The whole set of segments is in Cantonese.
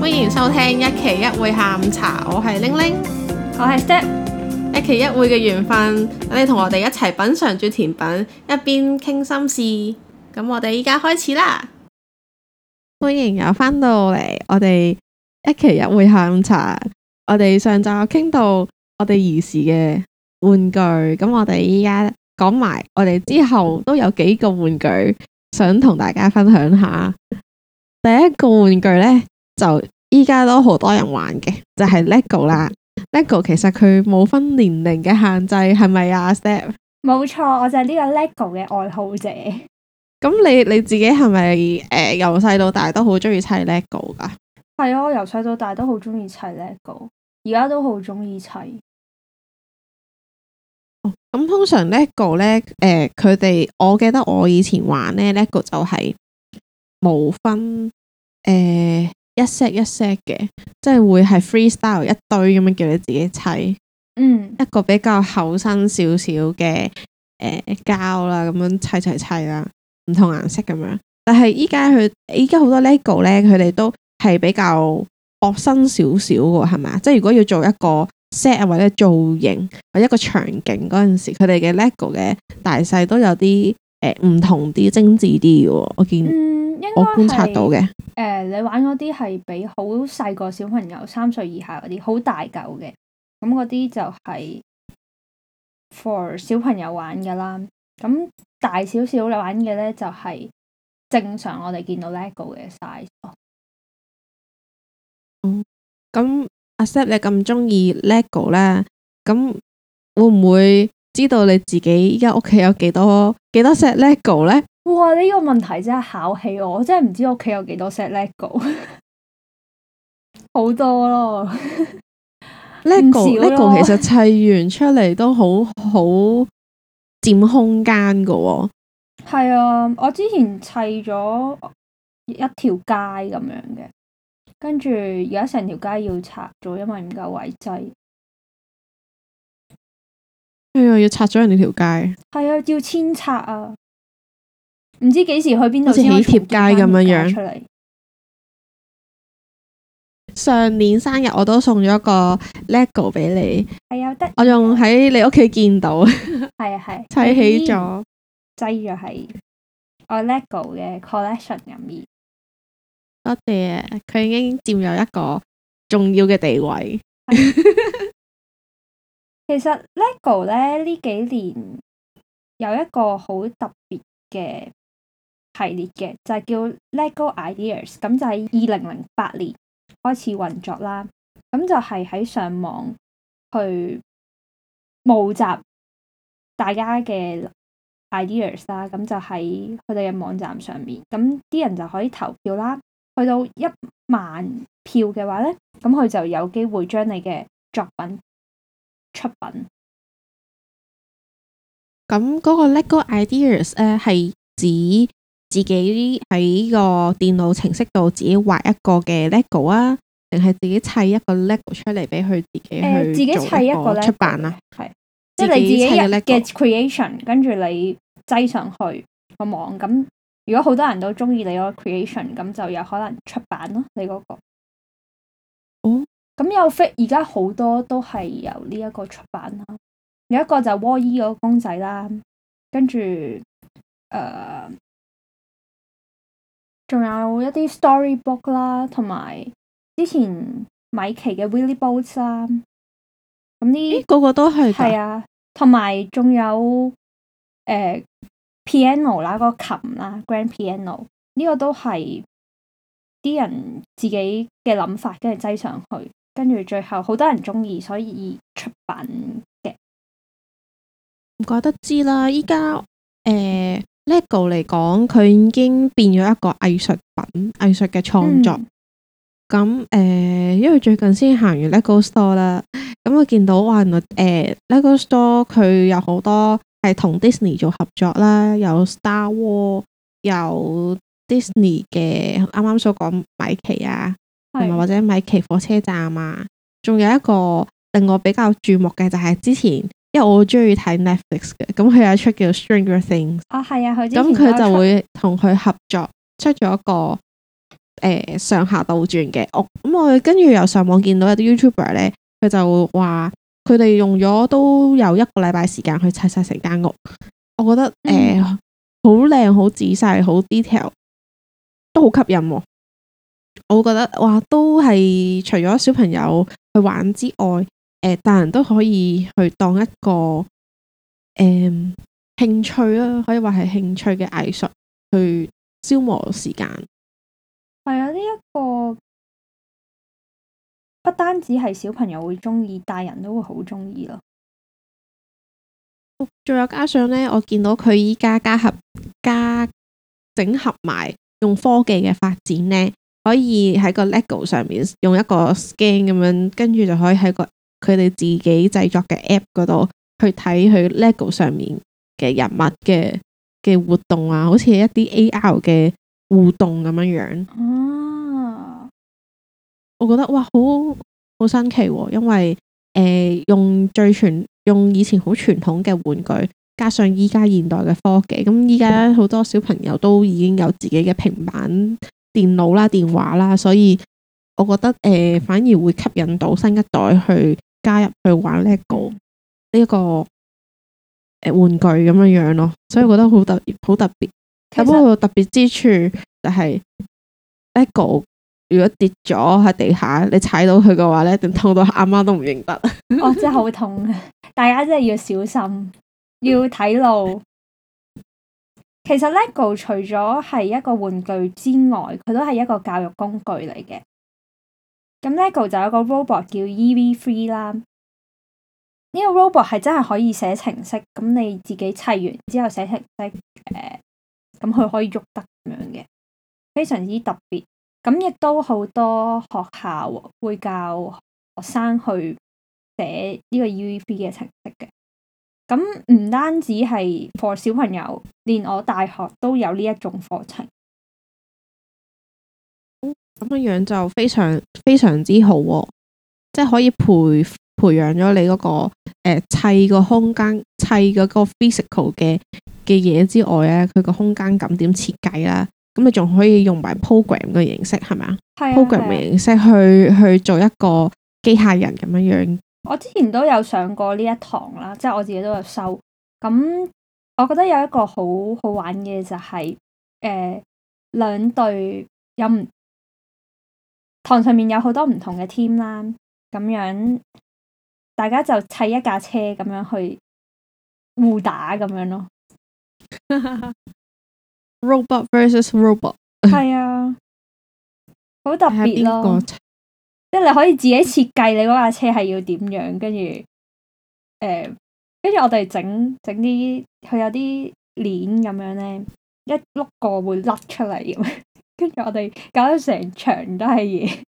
歡迎收聽一期一會下午茶，我係玲玲，我係 Step，一期一會嘅緣分，你同我哋一齊品嘗住甜品，一邊傾心事。咁我哋依家開始啦！歡迎又返到嚟我哋一期一會下午茶，我哋上集我傾到我哋兒時嘅玩具咁，我哋依家講埋，我哋之後都有幾個玩具想同大家分享下。第一個玩具呢，就依家都好多人玩嘅，就係 LEGO 啦。LEGO 其實佢冇分年齡嘅限制，係咪啊？Step，冇錯，我就係呢個 LEGO 嘅愛好者。咁 你你自己係咪誒由細到大都好中意砌 LEGO 噶？係啊，我由細到大都好中意砌 LEGO，而家都好中意砌。咁、哦、通常 LE 呢 lego 咧，誒、呃，佢哋我記得我以前玩咧 lego 就係無分誒、呃、一 set 一 set 嘅，即係會係 freestyle 一堆咁樣叫你自己砌，嗯，一個比較厚身少少嘅誒膠啦，咁、呃、樣砌砌砌啦，唔同顏色咁樣。但係依家佢依家好多 lego 咧，佢哋都係比較薄身少少嘅，係咪？即係如果要做一個。set 或者造型或者一個場景嗰陣時，佢哋嘅 LEGO 嘅大細都有啲誒唔同啲精致啲嘅，我見、嗯、應該我觀察到嘅。誒、呃，你玩嗰啲係比好細個小朋友三歲以下嗰啲，好大嚿嘅，咁嗰啲就係 for 小朋友玩噶啦。咁大少少你玩嘅咧，就係、是、正常我哋見到 LEGO 嘅 size。哦、嗯，咁。set 你咁中意 LEGO 咧，咁會唔會知道你自己依家屋企有幾多幾多 set LEGO 咧？哇！呢、呢個問題真係考起我，我真係唔知屋企有幾多 set LEGO， 好多咯。 LEGO LEGO 其實砌完出嚟都好好佔空間噶、哦。係啊，我之前砌咗一條街咁樣嘅。跟住而家成條街要拆咗，因為唔夠位擠。哎呀，要拆咗人哋條街。係啊，要遷拆啊。唔知幾時去邊度先可以貼街咁樣樣出嚟。上年生日我都送咗個 LEGO 俾你，係有、啊、得。我仲喺你屋企見到。係 啊係砌、啊、起咗，擠咗喺我 LEGO 嘅 collection 入面。多謝，佢已經佔有一個重要嘅地位的。 其實 LEGO 咧，呢幾年有一個好特別嘅系列嘅，就係叫 LEGO Ideas。咁就喺二零零八年開始運作啦。咁就係喺上網去募集大家嘅 ideas 啦。咁就喺佢哋嘅網站上面，咁啲人就可以投票啦。去到一萬票嘅話咧，咁佢就有機會將你嘅作品出品。咁嗰個 LEGO Ideas 咧、呃、係指自己喺個電腦程式度自己畫一個嘅 LEGO 啊，定係自己砌一個 LEGO 出嚟俾佢自己去砌一個出版啊？係即係你自己嘅 creation，跟住你擠上去個網咁。如果好多人都中意你個 creation，咁就有可能出版咯，你嗰、嗰個。哦。咁有 fit，而家好多都係由呢一個出版啦。有一個就窩衣嗰公仔啦，跟住誒，仲、呃、有一啲 storybook 啦，同埋之前米奇嘅 Willie Boats 啦。咁呢個個都係。係啊，同埋仲有誒。呃 Piano 啦，嗰個琴啦，Grand Piano 呢個都係啲人自己嘅諗法，跟住擠上去，跟住最後好多人中意，所以出品嘅唔怪得知啦。依家誒，Lego 嚟講，佢已經變咗一個藝術品，藝術嘅創作。咁誒、嗯呃，因為最近先行完 Lego Store 啦，咁我見到話誒、呃、，Lego Store 佢有好多。係同 Disney 做合作啦，有 Star Wars，有 Disney 嘅啱啱所講米奇啊，或者米奇火車站啊，仲有一個令我比較注目嘅就係、是、之前，因為我好中意睇 Netflix 嘅，咁佢有一出叫 Stranger Things，啊係、哦、啊，咁佢就會同佢合作出咗一個誒、呃、上下倒轉嘅屋，咁我跟住又上網見到有啲 YouTuber 咧，佢就話。佢哋用咗都有一個禮拜時間去砌晒成間屋，我覺得誒好靚、好、嗯呃、仔細、好 detail，都好吸引、啊。我覺得哇，都係除咗小朋友去玩之外，誒、呃、大人都可以去當一個誒、呃、興趣啦、啊，可以話係興趣嘅藝術去消磨時間。係啊，呢一個。不單止係小朋友會中意，大人都會好中意咯。仲有加上呢，我見到佢依家加合加整合埋用科技嘅發展呢，可以喺個 LEGO 上面用一個 scan 咁樣，跟住就可以喺個佢哋自己製作嘅 APP 嗰度去睇佢 LEGO 上面嘅人物嘅嘅活動啊，好似一啲 AR 嘅互動咁樣樣。嗯我覺得哇，好好新奇，哦，因為誒、呃、用最傳用以前好傳統嘅玩具，加上依家現代嘅科技，咁依家好多小朋友都已經有自己嘅平板電腦啦、電話啦，所以我覺得誒、呃、反而會吸引到新一代去加入去玩 LEGO 呢一，這個呢一個玩具咁樣樣咯，所以我覺得好特好特別，不過，實特別之處就係 LEGO。如果跌咗喺地下，你踩到佢嘅話一定痛到阿媽都唔認得啊 哦，真係好痛啊！ 大家真係要小心，要睇路。 其實 LEGO 除咗係一個玩具之外，佢都係一個教育工具嚟嘅。咁 LEGO 就有一個 robot 叫 EV3 啦，呢個 robot 係真係可以寫程式。咁你自己砌完之後寫程式，誒，咁佢可以喐得咁樣嘅，非常之特別。咁亦都好多學校會教學生去寫呢個 U v P 嘅程式嘅。咁唔單止係 for 小朋友，連我大學都有呢一種課程。咁咁樣樣就非常非常之好、哦，即係可以培培養咗你嗰、嗰個、呃、砌個空間砌嗰個 physical 嘅嘅嘢之外咧、啊，佢個空間感點設計啦、啊。咁你仲可以用埋 program 嘅形式係咪？program 嘅形式去去做一個機械人咁樣樣。我之前都有上過呢一堂啦，即係我自己都有收。咁我覺得有一個好好玩嘅就係、是，誒、呃，兩隊有唔，堂上面有好多唔同嘅 team 啦，咁樣，大家就砌一架車咁樣去互打咁樣咯。 Robot versus robot，係啊，好特別咯！即係誰你可以自己設計你嗰架車係要點樣，跟住誒，跟、呃、住我哋整整啲，佢有啲鏈咁樣咧，一碌過會甩出嚟咁，跟住我哋搞到成場都係嘢，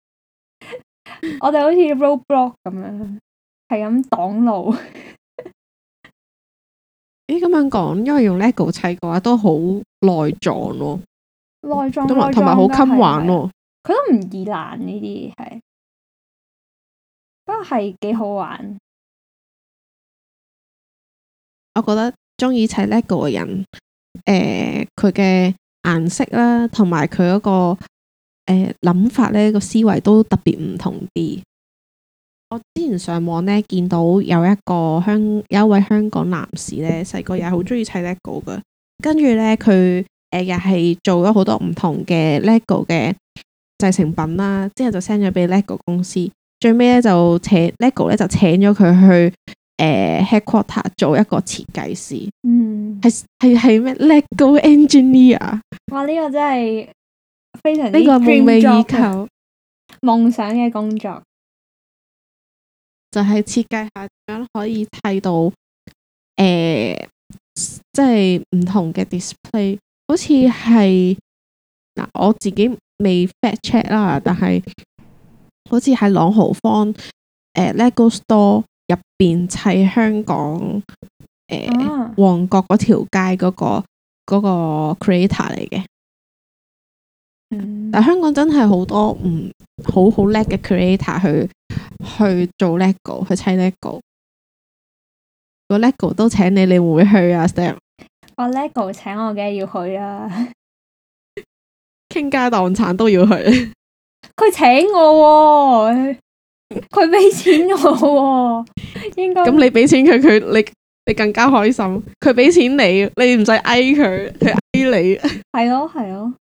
我哋好似 roadblock 咁樣，係咁擋路。誒，咁、欸、樣講，因為用 lego 砌嘅話都好內髒咯，內髒同埋好襟玩咯、啊，佢都唔易爛呢啲係，不過係幾好玩。我覺得鍾意砌 lego 嘅人，誒、呃，佢嘅顏色啦、啊，同埋佢嗰個誒諗、呃、法咧，個思維都特別唔同啲。我之前上網咧見到有一個香有一位香港男士咧，細個又係好中意砌 Lego 嘅，跟住咧佢誒又係做咗好多唔同嘅 Lego 嘅製成品啦，之後就 send 咗俾 Lego 公司，最尾咧就請 Lego 咧就請咗佢去誒、呃、headquarter 做一個設計師，嗯，係係係咩 Lego engineer？哇，呢、這個真係非常之夢寐以求、夢想嘅工作。就係設計下點樣可以睇到誒、呃，即係唔同嘅 display，好似係嗱，我自己未 fact check 啦，但係好似喺朗豪坊、呃、Lego Store 入邊砌香港誒旺角嗰條街嗰個，嗰個 creator 嚟嘅。嗯、但香港真係好多唔好好叻嘅 creator 去。去做 lego 去砌 lego，個 lego 都請你，你會唔會去啊？Step，個、oh, lego 請我嘅要去啊，傾 家蕩產都要去。佢請我、啊，佢俾錢我、啊， 應該該咁你俾錢佢，佢你你更加開心。佢俾錢給你，你唔使求佢，佢求你。係 咯，係咯。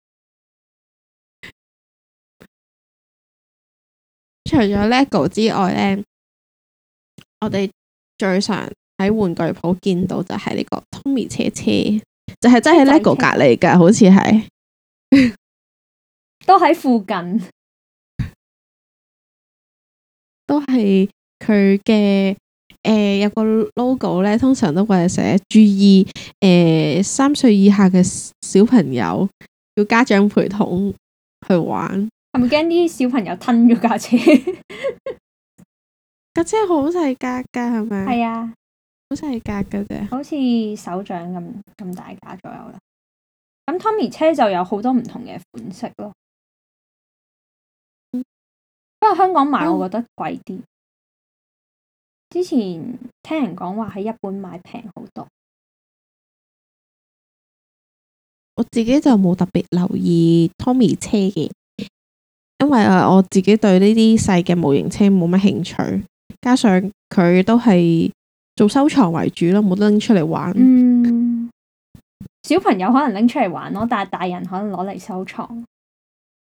除咗 LEGO 之外咧，我哋最常喺玩具鋪見到就係呢個 Tommy 車車，就係、是、真係喺 LEGO 隔籬嘅，好似係 都喺附近，都係佢嘅誒，有個 logo 咧，通常都會寫注意誒，三、呃、歲以下嘅小朋友要家長陪同去玩。係咪驚啲小朋友吞咗架車？架 車好細架噶係咪？係啊，好細架噶啫，好似手掌咁咁大架左右啦。咁 Tommy 車就有好多唔同嘅款式咯。嗯、不過香港買我覺得貴啲，嗯、之前聽人講話喺日本買平好多，我自己就冇特別留意 Tommy 車嘅。因為誒，我自己對呢啲細嘅模型車冇乜興趣，加上佢都係做收藏為主咯，冇得拎出嚟玩。嗯，小朋友可能拎出嚟玩咯，但係大人可能攞嚟收藏。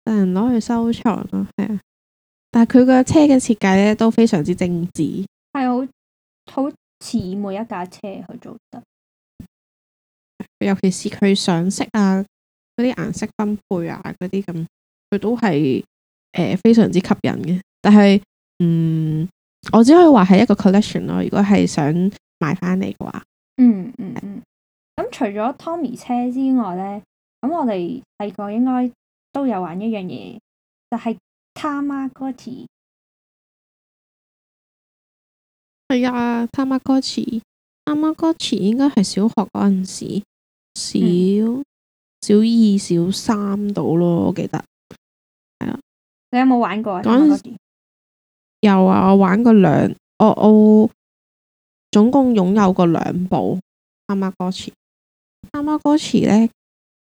大人攞去收藏咯，係啊。但係佢個車嘅設計咧都非常之精致，係好好似每一架車去做得，尤其是佢上色啊，嗰啲顏色分配啊，嗰啲咁，佢都係。誒、呃，非常之吸引嘅，但係，嗯，我只可以話係一個 collection 咯。如果係想買翻嚟嘅話，嗯嗯嗯。咁、嗯嗯、除咗 Tommy 車之外呢，咁我哋細個應該都有玩一樣嘢，就係 Tamagotchi。係啊、嗯，Tamagotchi，Tamagotchi 應該係小學嗰陣時，小小二小三到咯，我記得。你有冇玩過？嗰陣有啊，我玩過兩，我、哦、我、哦、總共擁有過兩部他媽哥池，他媽哥池呢，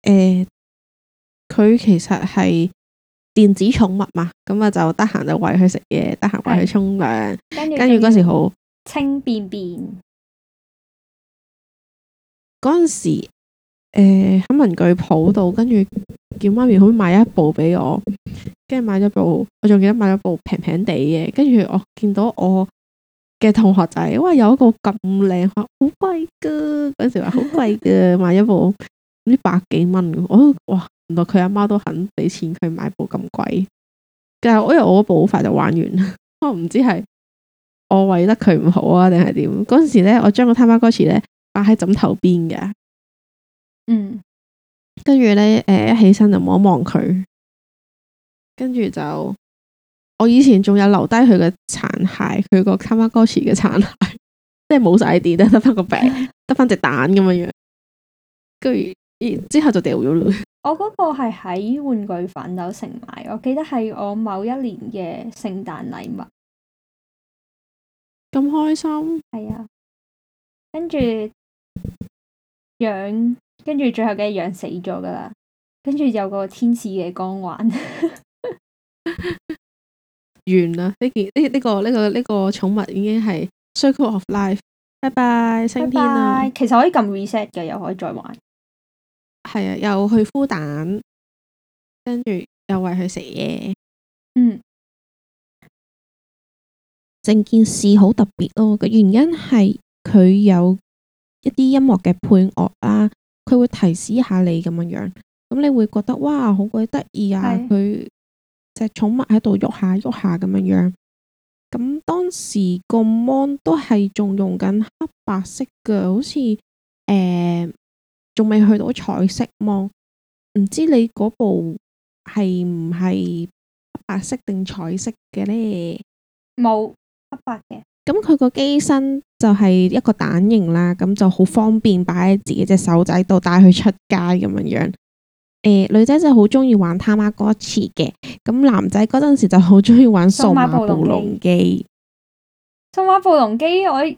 佢、欸、其實係電子寵物嘛，咁啊就得閒就喂佢食嘢，得閒喂佢沖涼，跟住嗰時好清便便，嗰陣時。誒，喺文具鋪度，跟住叫媽咪，好買一部俾我，跟住買咗部，我仲記得買咗部平平地嘅，跟住我見到我嘅同學仔，哇，有一個咁靚，好貴噶，嗰時話好貴噶， 買咗部啲百幾蚊，我都哇，原來佢阿媽都肯俾錢佢買部咁貴，但係我以為我部好快就玩完啦， 我唔知係我餵得佢唔好啊，定係點？嗰時咧，我將個他媽哥池咧擺喺枕頭邊嘅。嗯，跟住咧，誒、呃，一起身就望一望佢，跟住就我以前仲有留低佢嘅殘骸，佢個《他媽哥池》嘅殘骸，即係冇晒啲，得返個餅，得返隻蛋咁樣樣，跟住之後就掉咗啦。我嗰個係喺玩具反斗城買，我記得係我某一年嘅聖誕禮物，咁開心？係啊，跟住養。跟住最後嘅一樣死咗噶啦，跟住有個天使嘅光環 完啦。呢件呢，呢個呢個呢個寵物已經係《Circle of Life bye bye, bye bye》。拜拜，升天啦。其實可以撳 reset 嘅，又可以再玩。係啊，又去孵蛋，跟住又餵佢食嘢。嗯，成件事好特別咯。個原因係佢有一啲音樂嘅配樂啦、啊。佢會提示一下你咁樣樣，咁你會覺得哇，好鬼得意啊！佢隻寵物喺度喐下喐下咁樣樣。咁當時個芒都係仲用緊黑白色嘅，好似誒，仲、欸、未去到彩色芒，唔知你嗰部係唔係黑白色定彩色嘅呢？冇，黑白嘅。咁佢個機身就係一個蛋形啦，咁就好方便擺喺自己隻手仔度，帶佢出街咁樣樣。誒、呃，女仔就好中意玩他媽歌詞嘅，咁男仔嗰陣時就好中意玩數碼暴龍機。數碼暴龍機，我嘅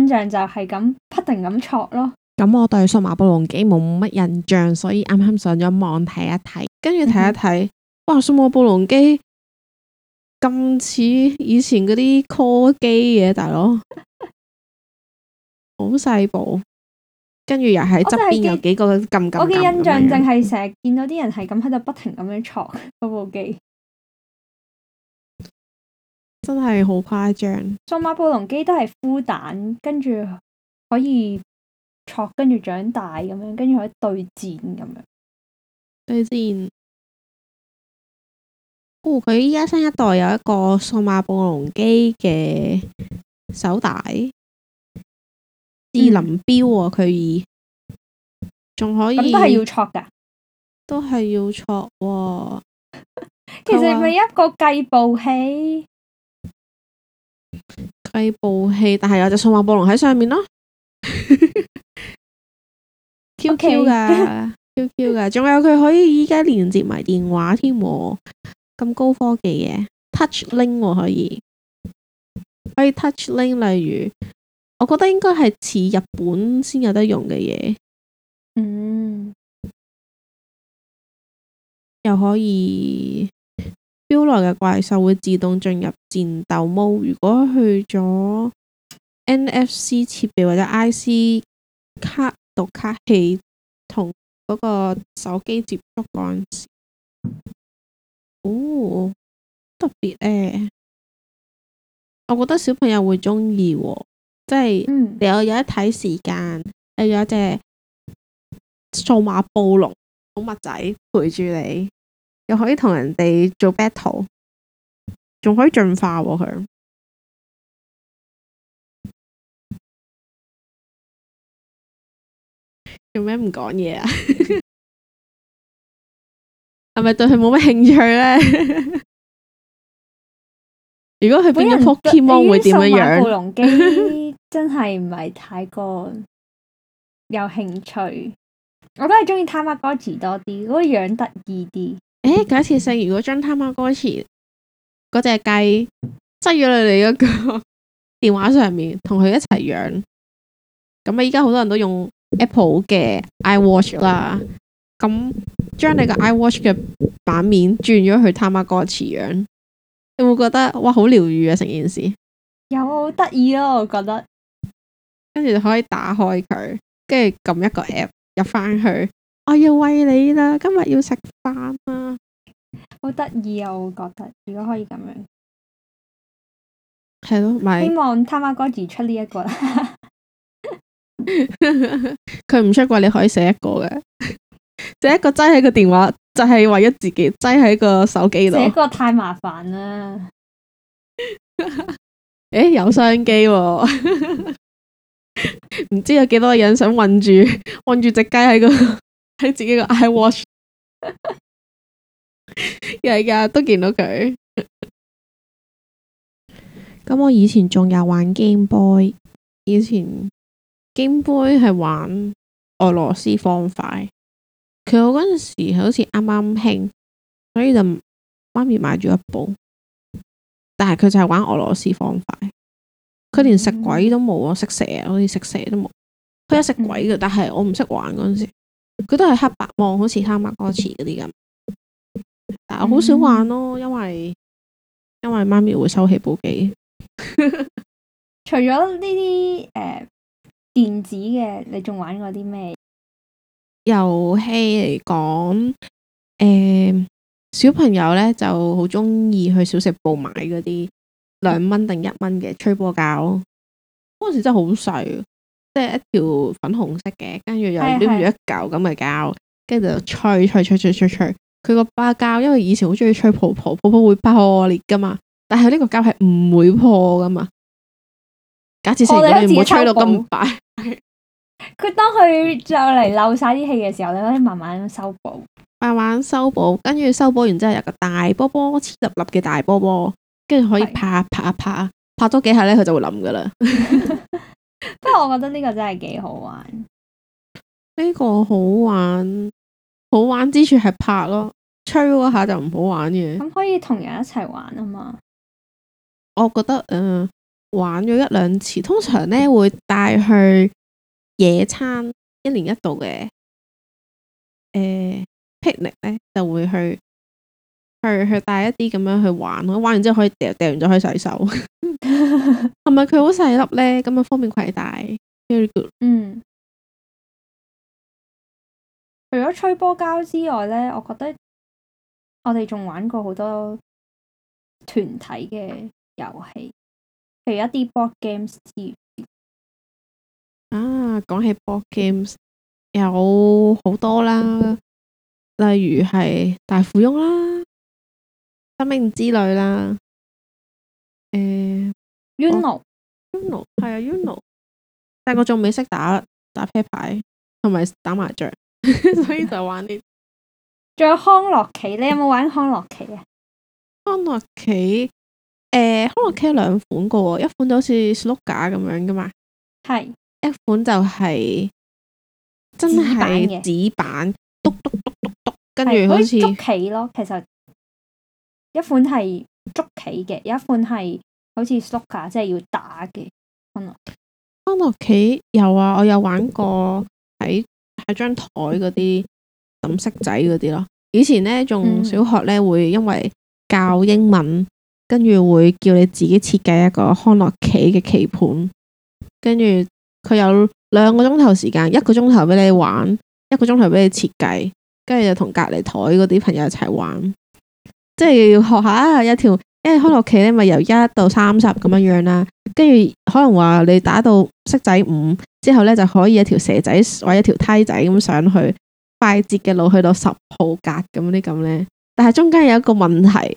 印象就係咁不停咁戳咯。咁我對數碼暴龍機冇乜印象，所以啱啱上咗網睇一睇，跟住睇一睇，嗯、哼哇！數碼暴龍機。咁似以前嗰啲 call 機嘅大佬，好細部，跟住又喺側邊有幾個咁。我嘅印象淨係成日見到啲人係咁喺度不停咁樣戳嗰部機，真係好誇張。數碼暴龍機都係孵蛋，跟住可以戳，跟住長大咁樣，跟住可以對戰咁樣。對戰。對戰。佢依家新一代有一個數碼暴龍機嘅手帶智能錶啊，佢而仲可以，咁、嗯嗯、都係要戳噶，都係要戳。其實咪一個計步器，計、嗯、步器，但係有隻數碼暴龍喺上面咯。Q Q 噶，Q Q 噶，仲 Okay. 有佢可以依家連接埋電話添。咁高科技嘅 TouchLink、哦、可以，可以 TouchLink，例如，我覺得應該係似日本先有得用嘅嘢。嗯，又可以標來嘅怪獸會自動進入戰鬥 m 如果去咗 NFC 設備或者 IC 卡讀卡器同嗰個手機接觸陣時。哦，特別誒，我覺得小朋友會鍾意，即係你有有一睇時間，你有一隻數碼暴龍寵物仔陪住你，又可以同人哋做 battle，仲可以進化佢。做咩唔講嘢啊？ 係咪對佢冇乜興趣咧？ 如果佢變咗 Pokemon 會點樣樣？ 真係唔係太過有興趣。我都係中意他媽哥池多啲，嗰、那個樣得意啲。誒、欸，假設性如果將他媽哥池嗰隻雞塞咗你哋、那、嗰個 電話上面，同佢一齊養，咁啊，依家好多人都用 Apple 嘅 iWatch 啦。咁將、嗯、你個 iWatch 嘅版面轉咗去他媽哥池樣，你會覺得哇好療愈啊成件事，有得意咯，我覺得。跟住就可以打開佢，跟住撳一個 app 入翻去，我要餵你啦，今日要食飯啦，好得意啊！我覺得如果可以咁樣，係咯，希望他媽哥池出呢一個啦。佢 唔 出嘅，你可以寫一個嘅。第一個擠喺個電話，就係為咗自己擠喺個手機度。呢個太麻煩啦。誒、 欸，有商機喎，唔 知有幾多人想穩住，穩住隻雞喺個喺自己個 iWatch。日 日 都見到佢。咁 我以前仲有玩 Game Boy，以前 Game Boy 係玩俄羅斯方塊。佢我嗰陣時好似啱啱興，所以就媽咪買咗一部。但係佢就係玩俄羅斯方塊，佢連食鬼都冇啊，食蛇好似食蛇都冇。佢有食鬼嘅，但係我唔識玩嗰陣時，佢都係黑白望，好似《黑白歌詞》嗰啲咁。但係我好少玩咯，因為因為媽咪會收起部機。 除咗呢啲誒電子嘅，你仲玩過啲咩？遊戲嚟講，誒、欸，小朋友咧就好中意去小食部買嗰啲兩蚊定一蚊嘅吹波膠。嗰陣時真係好細，即係一條粉紅色嘅，跟住又黏住一嚿咁嘅膠，跟住就吹吹吹吹吹吹。佢個波膠，因為以前好中意吹泡泡，泡泡會爆裂噶嘛，但係呢個膠係唔會破噶嘛。假設成日你唔好吹到咁快。佢當佢再嚟漏晒啲氣嘅時候，你可以慢慢修補，慢慢修補，跟住修補完之後，有個大波波，黐立立嘅大波波，跟住可以拍拍拍拍咗幾下呢，佢就會冧噶啦。不 過 我覺得呢個真係幾好玩，呢個好玩，好玩之處係拍咯，吹嗰下就唔好玩嘅。咁可以同人一齊玩啊嘛？我覺得誒、呃，玩咗一兩次，通常呢會帶去。野餐一年一度嘅，誒，picnic 咧就會去去去帶一啲咁樣去玩咯，玩完之後可以掉掉完就可以洗手，係咪佢好細粒咧？咁樣方便攜帶，very good。嗯，除咗吹波膠之外咧，我覺得我哋仲玩過好多團體嘅遊戲，譬如一啲 board games 之類。啊，講起 Board Games 有好多啦，例如係大富翁啦、生命之旅啦，誒、欸、Y，uno，uno、哦、係啊、y、uno，但我仲未識打打啤牌同埋打麻雀， 所以就玩啲。仲 有康樂棋，你有冇玩康樂棋啊？康樂棋，誒、欸，康樂棋有兩款嘅，一款就好似士碌架咁樣噶嘛。係。 一款就係真係紙板，篤篤篤篤篤，跟住好似棋咯。其實一款係捉棋嘅，有一款係好似 soccer 咁，即係要打嘅。康樂康樂棋，棋有啊，我有玩過喺喺張台嗰啲抌色仔嗰啲咯。以前呢，仲小學呢，會因為教英文，嗯、跟住會叫你自己設計一個康樂棋嘅棋盤，跟住。佢有兩個鐘頭時間，一個鐘頭俾你玩，一個鐘頭俾你設計，跟住就同隔籬台嗰啲朋友一齊玩，即係學一下一條，因為開落屋企咧，咪由一到三十咁樣樣啦。跟住可能話你打到骰仔五之後咧，就可以一條蛇仔或者一條梯仔咁上去，快捷嘅路去到十號格咁嗰啲咁咧。但係中間有一個問題。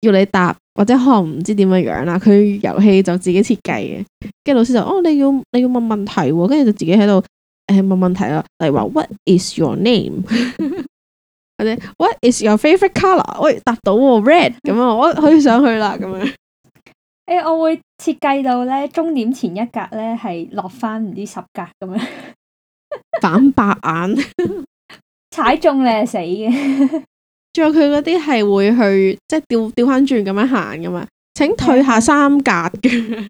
要你答，或者可能唔知點樣樣啦。佢遊戲就自己設計嘅，跟住老師就哦，你要你要問問題啊，跟住就自己喺度誒問問題啦。例如話 What is your name 或者 What is your favorite color？喂，答到 red 咁樣，我可以上去啦咁樣。誒、欸，我會設計到咧終點前一格咧係落翻唔知十格咁樣， 反白眼， 踩中咧死嘅。 仲有佢嗰啲係會去即係掉掉翻轉咁樣行噶嘛？請退下三格嘅。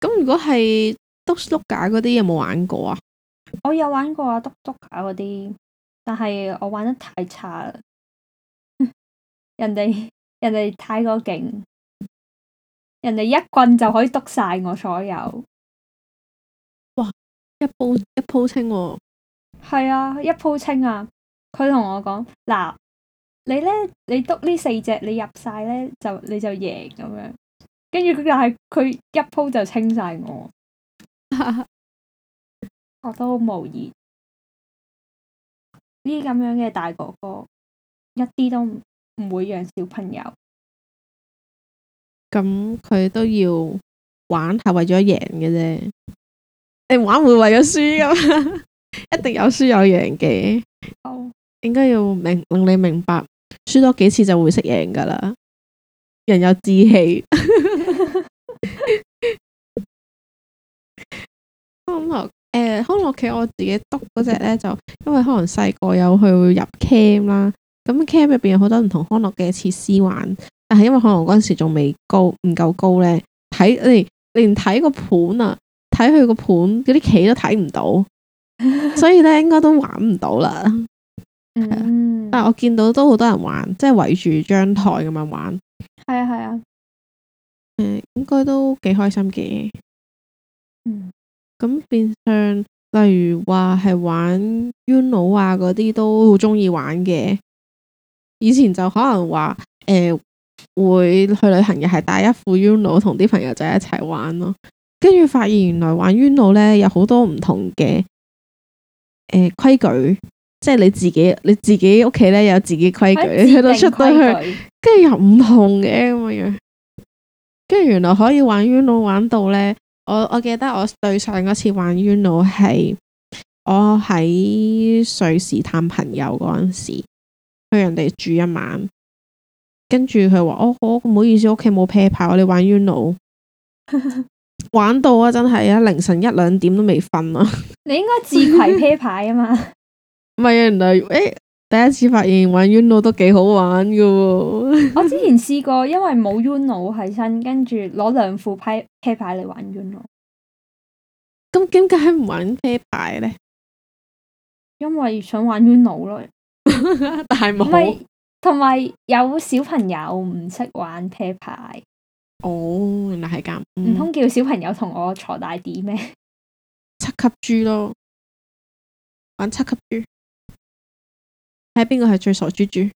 咁如果係督碌架嗰啲，有冇玩過啊？我有玩過啊，督督架嗰啲，但係我玩得太差啦。 人哋人哋太過勁，人哋一棍就可以督晒我所有。哇！一鋪一鋪清喎。係啊，一鋪清啊！佢同我講嗱，你咧你篤呢四隻，你入晒咧就你就贏咁樣。跟住佢就係佢一鋪就清晒我， 我都好無疑，呢啲咁樣嘅大哥哥一啲都唔會讓小朋友。咁佢 都要玩，係為咗贏嘅啫。你玩會為咗輸噶嘛？ 一定有輸有贏嘅，好應該要明令你明白，輸多幾次就會識贏噶啦。人有志氣。康樂誒，康、呃、樂棋我自己督嗰隻咧，就因為可能細個有去入 camp 啦，咁 camp 入邊有好多唔同康樂嘅設施玩，但係因為可能嗰陣時仲未高，唔夠高咧，睇你、哎、連睇個盤啊，睇佢個盤嗰啲棋都睇唔到。 所以咧，應該都玩唔到啦。Mm. 但我見到都好多人玩，即係圍住張台咁樣玩。係 啊，係啊。誒、嗯，應該都幾開心嘅。嗯。咁變相，例如話係玩 UNO 啊嗰啲，都好中意玩嘅。以前就可能話誒、呃，會去旅行嘅係帶一副 UNO，同啲朋友仔一齊玩咯。跟住發現原來玩 UNO 呢有好多唔同嘅。誒，規、呃、矩即係你自己，你自己屋企咧有自己規矩，喺出到去，跟住又唔同嘅咁樣，跟住原來可以玩 Uno，玩到咧。我我記得我對上嗰次玩 Uno 係我喺瑞士探朋友嗰陣時，去人哋住一晚，跟住佢話：我我唔好意思，屋企冇啤牌，我哋玩 Uno。 玩到啊，真係啊，凌晨一兩點都未瞓啊！你應該自啤牌啊嘛，唔係啊，原來誒、欸，第一次發現玩 Uno 都幾好玩噶喎、啊！我之前試過，因為冇 Uno 喺身，跟住攞兩副啤牌嚟玩 Uno。咁點解唔玩啤牌咧？因為想玩 Uno 咯，但係冇，同埋有，有小朋友唔識玩啤牌。哦，原來係咁，唔、嗯、通叫小朋友同我鋤大啲咩？七級豬咯，玩七級豬，睇下邊個係最傻豬豬，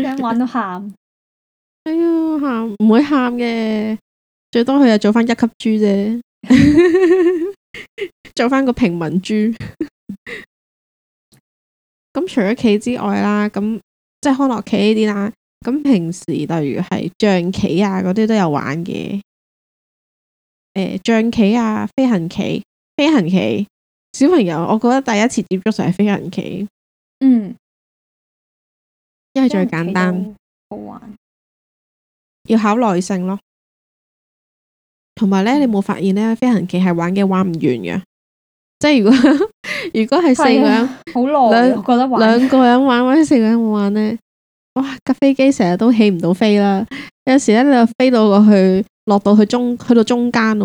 想玩 都喊， 哎呀，喊唔會喊嘅，最多佢就做翻一級豬啫， 做翻個平民豬。咁 除咗棋之外啦，咁即係康樂棋呢啲啦。咁平時例如係象棋啊嗰啲都有玩嘅，欸象棋啊飛行棋、飛行棋，小朋友我覺得第一次接觸就係飛行棋，嗯，因為最簡單，好玩，要考耐性咯，同埋呢，你冇發現呢？飛行棋係玩嘅玩唔完嘅，即係如果 如果係四個人，好耐，兩我覺得兩個人玩，或者四個人玩呢？哇！架飛機成日都起唔到飛啦，有時咧你就飛到過去，落到去中，去到中間，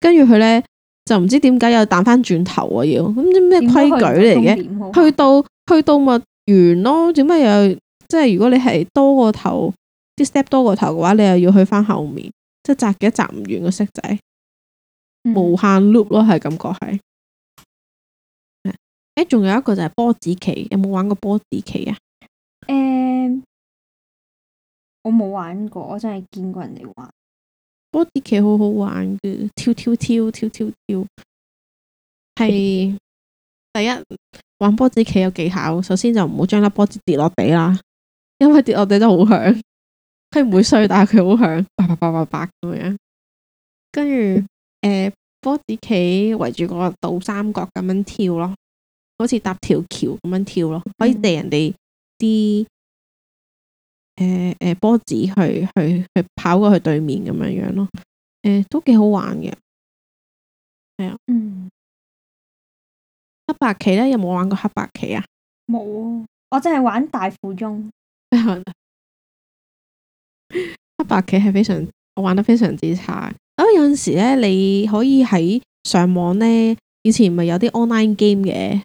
跟住佢咧就唔知點解又彈翻轉頭啊！要咁唔知咩規矩嚟嘅？去到去到咪完咯，做乜又即係如果你係多個頭，啲 step 多個頭嘅話，你又要去翻後面，即係扎嘅扎唔完個色仔，無限 loop 咯，係感覺係。誒、欸，仲有一個就係波子棋，有冇玩過波子棋啊？嗯我冇玩過，我真係見過人哋玩波子棋，好好玩嘅，跳跳跳跳跳跳，跳，係第一玩波子棋有技巧，首先就唔好將粒波子跌落地啦，因為跌落地都好響，佢唔會碎，但係佢好響，啪啪啪、啪啪咁樣。跟住誒，波子棋圍住個倒三角咁樣跳咯，好似搭條橋咁樣跳咯，可以掟人哋啲。嗯誒誒、呃，波子去去去跑過去對面咁樣樣咯，誒、呃，都幾好玩嘅，係啊，嗯，黑白棋咧，有冇玩過黑白棋啊？冇，啊，我淨係玩大富翁。 黑白棋係非常，我玩得非常之差。咁有陣時咧，你可以喺上網咧，以前咪有啲 online game 嘅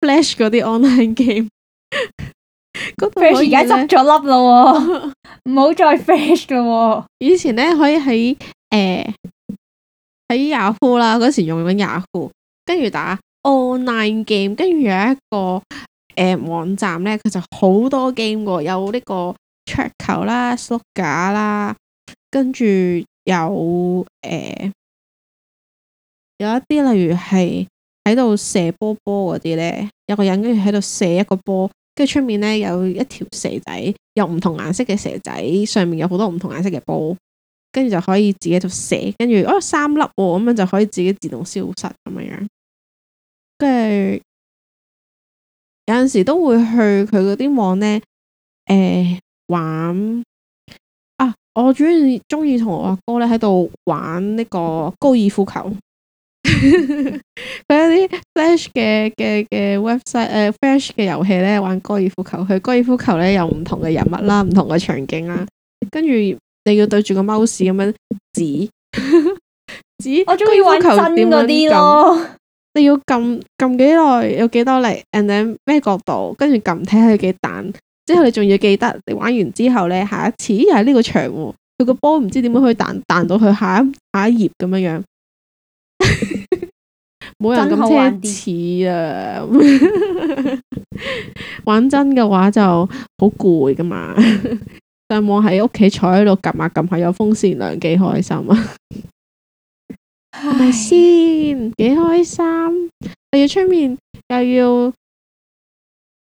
，Flash 嗰啲 online game。欸 而嗰度可以咧，唔好再 fresh 噶。以前咧可以喺誒喺 Yahoo 啦，嗰時用緊 Yahoo，跟住打 online game，跟住有一個誒、呃、網站咧，佢就好多 game 噶，有呢個桌球、er、啦、s 桌架啦，跟住有誒、呃、有一啲例如係喺度射波波嗰啲咧，有個人跟住喺度射一個波。跟住出面咧有一條蛇仔，有唔同顏色嘅蛇仔，上面有好多唔同顏色嘅波，跟住就可以自己就射，跟住哦三粒哦，咁樣就可以自己自動消失咁樣樣。跟住有陣時都會去佢嗰啲網咧，誒、呃、玩啊，我主要中意同我阿哥咧喺度玩呢個高爾夫球。佢一啲 Flash 嘅嘅嘅 website 誒、呃，Flash 嘅遊戲咧玩高爾夫球去，佢高爾夫球咧有唔同嘅人物啦，唔同嘅場景啦，跟住你要對住個 mouse 咁樣指 指，我中意玩真嗰啲咯。你要撳撳幾耐，有幾多嚟 and then 咩角度，跟住撳睇下佢幾彈。之後你仲要記得，你玩完之後咧，下一次又係呢個場，佢個波唔知點樣可以彈彈到去下下一頁咁樣樣。冇人咁奢侈啊！真玩， 玩真嘅話就好攰噶嘛， 上網喺屋企坐喺度，撳下撳下有風扇涼，幾開心啊！係咪先？幾唉開心！又要出面，又要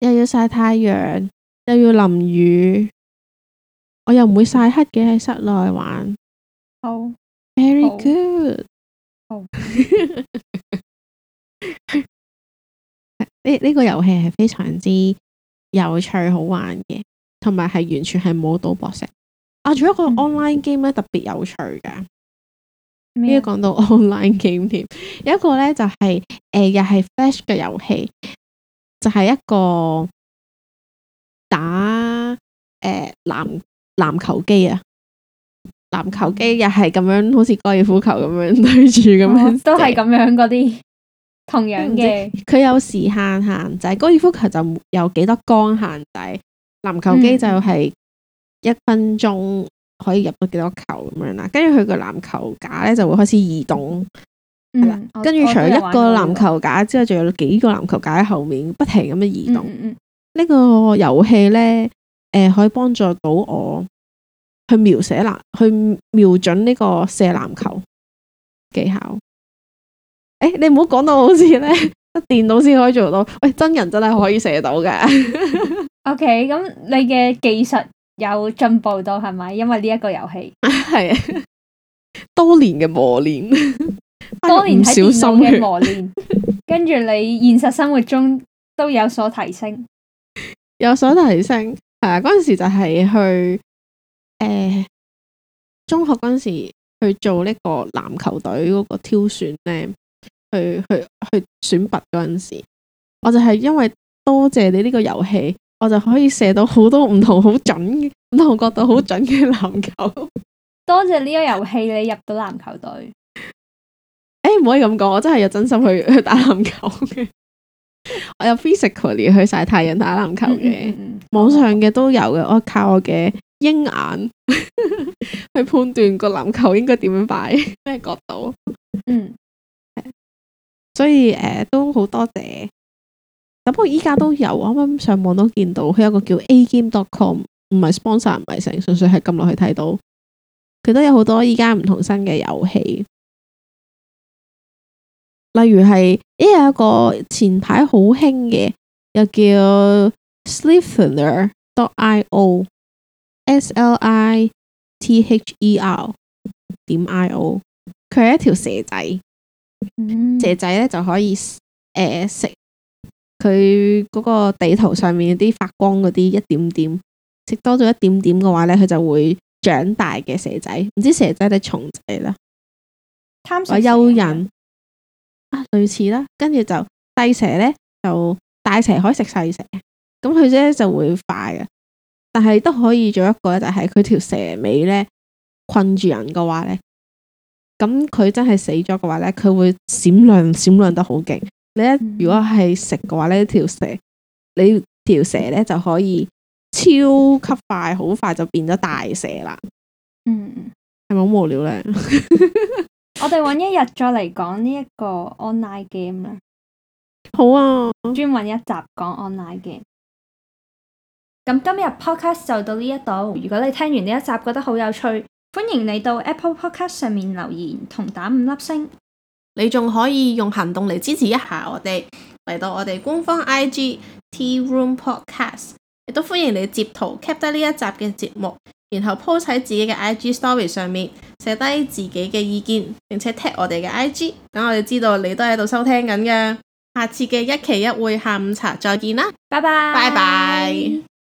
又要曬太陽，又要淋雨，我又唔會曬黑嘅喺室內玩。好、oh.，very good。Oh. Oh. 呢呢 個遊戲係非常之有趣好玩嘅，同埋係完全係冇賭博性。啊，仲有一個 online game 咧，特別有趣嘅。呢個講到 online game 添，有一個咧就係、是、誒又、呃、係 flash 嘅遊戲，就係、是、一個打誒籃籃球機啊，籃球機又係咁樣，好似高爾夫球咁樣對住咁樣，射哦、都係咁樣嗰啲。同樣嘅，佢有時限限制，高爾夫球就有幾多杆限制，籃球機就係一分鐘可以入到幾多球咁、嗯、樣啦。跟住佢個籃球架咧就會開始移動，跟住除咗一個籃球架之外，仲有幾個籃球架喺後面，不停咁樣移動。呢、嗯嗯、個遊戲呢，誒、呃，可以幫助到我去描寫籃，去瞄準呢個射籃球技巧。誒、欸，你唔好講到好似咧，得電腦先可以做到，喂、欸，真人真係可以射到嘅。O K，咁你嘅技術有進步到係咪？因為呢一個遊戲係啊，多年嘅磨練，多年喺電腦嘅磨練，跟住你現實生活中都有所提升，有所提升。係啊，嗰陣時就係去誒、欸、中學嗰陣時去做呢個籃球隊嗰個挑選咧。去去去選拔嗰陣時，我就係因為多謝你呢個遊戲，我就可以射到好多唔同好準唔同角度好準嘅籃球。 多謝呢個遊戲你入到籃球隊。誒、 欸，唔可以咁講，我真係有真心去去打籃球嘅。 我有 physically 去晒太陽打籃球嘅，嗯嗯嗯，好好。網上嘅都有嘅。我靠我嘅鷹眼 去判斷個籃球應該點樣擺咩角度。 嗯。所以誒、呃、都好多謝，不過我依家都有，啱啱上網都見到，佢有個叫 a game dot com，唔係 sponsor，唔係成，純粹係撳落去睇到，佢都有好多依家唔同新嘅遊戲，例如係依有一個前排好興嘅，又叫 slither dot i o s l i t h e r 點 i o，佢係一條蛇仔。蛇仔咧就可以誒食佢嗰個地圖上面啲發光嗰啲一點點，食多咗一點點嘅話咧，佢就會長大嘅蛇仔。唔知蛇仔定蟲仔啦，貪食蛇或蚯蚓啊，類似啦。跟住就細蛇咧就大蛇可以食細蛇，咁佢咧就會快啊。但係都可以做一個就係佢條蛇尾咧困住人嘅話咧。咁佢真係死咗嘅話呢，佢會閃亮閃亮得好勁。你一如果係食嘅話呢條蛇，你條蛇呢，條蛇呢就可以超級快，好快就變咗大蛇啦。嗯，係咪好無聊呢？ 我哋揾一日再嚟講呢一個 online game 啦。好啊，專揾一集講 online game。咁今日 podcast 就到呢一度。如果你聽完呢一集覺得好有趣，歡迎你到 Apple Podcast 上面留言同打五粒星，你仲可以用行動嚟支持一下我哋。嚟到我哋官方 IG Tea Room Podcast，亦都歡迎你截圖 cap 低呢一集嘅節目，然後 post 喺自己嘅 IG Story 上面，寫低自己嘅意見，並且 tag 我哋嘅 IG，咁我哋知道你都喺度收聽緊嘅。下次嘅一期一會下午茶再見啦，拜拜拜拜。